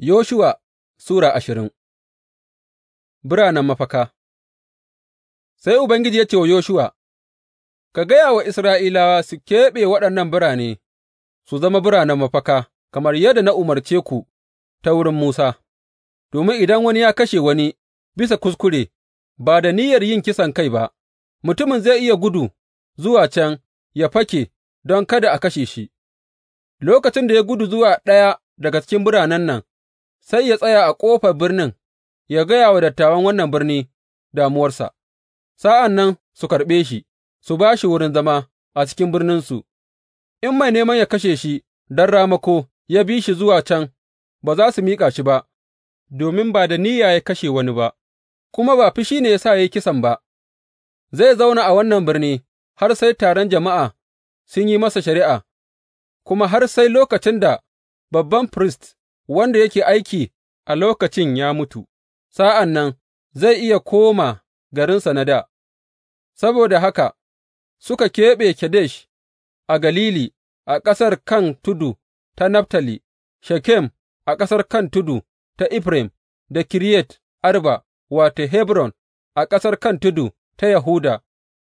Yoshuwa Sura ashirin Biranen mafaka Sai Ubangiji ya ce wa Yoshuwa, Ka gaya wa Isra'ilawa su keɓe waɗannan birane su zama biranen mafaka, kamar yadda na umarce ku ta wurin Musa, domin idan wani ya kashe wani bisa kuskure, ba da niyyar yin kisan kai ba, mutumin zai iya gudu zuwa can ya fake don kada a kashe shi, lokacin da ya gudu zuwa ɗaya daga cikin biranen nan. sai ya tsaya a ƙofar birnin ya gaya wa dattawan wannan birni damuwarsa, sa'an nan su karɓe shi, su ba shi wurin zama a cikin birninsu, in mai neman ya kashe shi don ramako ya bi shi zuwa can, ba za su miƙa shi ba, domin ba da niyya ya kashe wani ba, kuma ba fushi ne ya sa ya yi kisan ba, zai zauna a wannan birni har sai taron jama'a sun yi masa shari'a, kuma har sai lokacin da babban firist wanda yake aiki a lokacin ya mutu, sa'an nan zai iya koma garinsa na dā, saboda haka suka keɓe Kadesh a Galili a ƙasar kan tudu ta Naftali, Shekem a ƙasar kan tudu ta Efraim, da Kiriyat Arba, wato Hebron a ƙasar kan tudu ta Yahuda,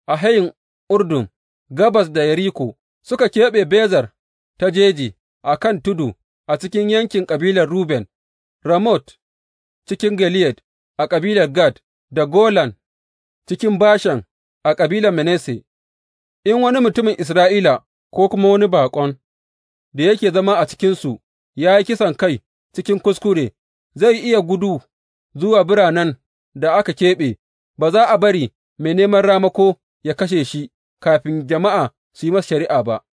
a hayin Urdun, gabas da Yeriko, suka keɓe bezar ta jeji a kan tudu a cikin yankin kabilar Ruben, Ramot cikin Gileyad a kabilar Gad, da Golan cikin Bashan a kabilar Manasse, in wani mutumin Isra'ila ko kuma wani baƙon da yake zama a cikinsu ya yi kisan kai cikin kuskure, zai iya gudu zuwa biranen da aka keɓe, ba za a bari mai neman ramako ya kashe shi kafin jama'a su yi masa shari'a ba.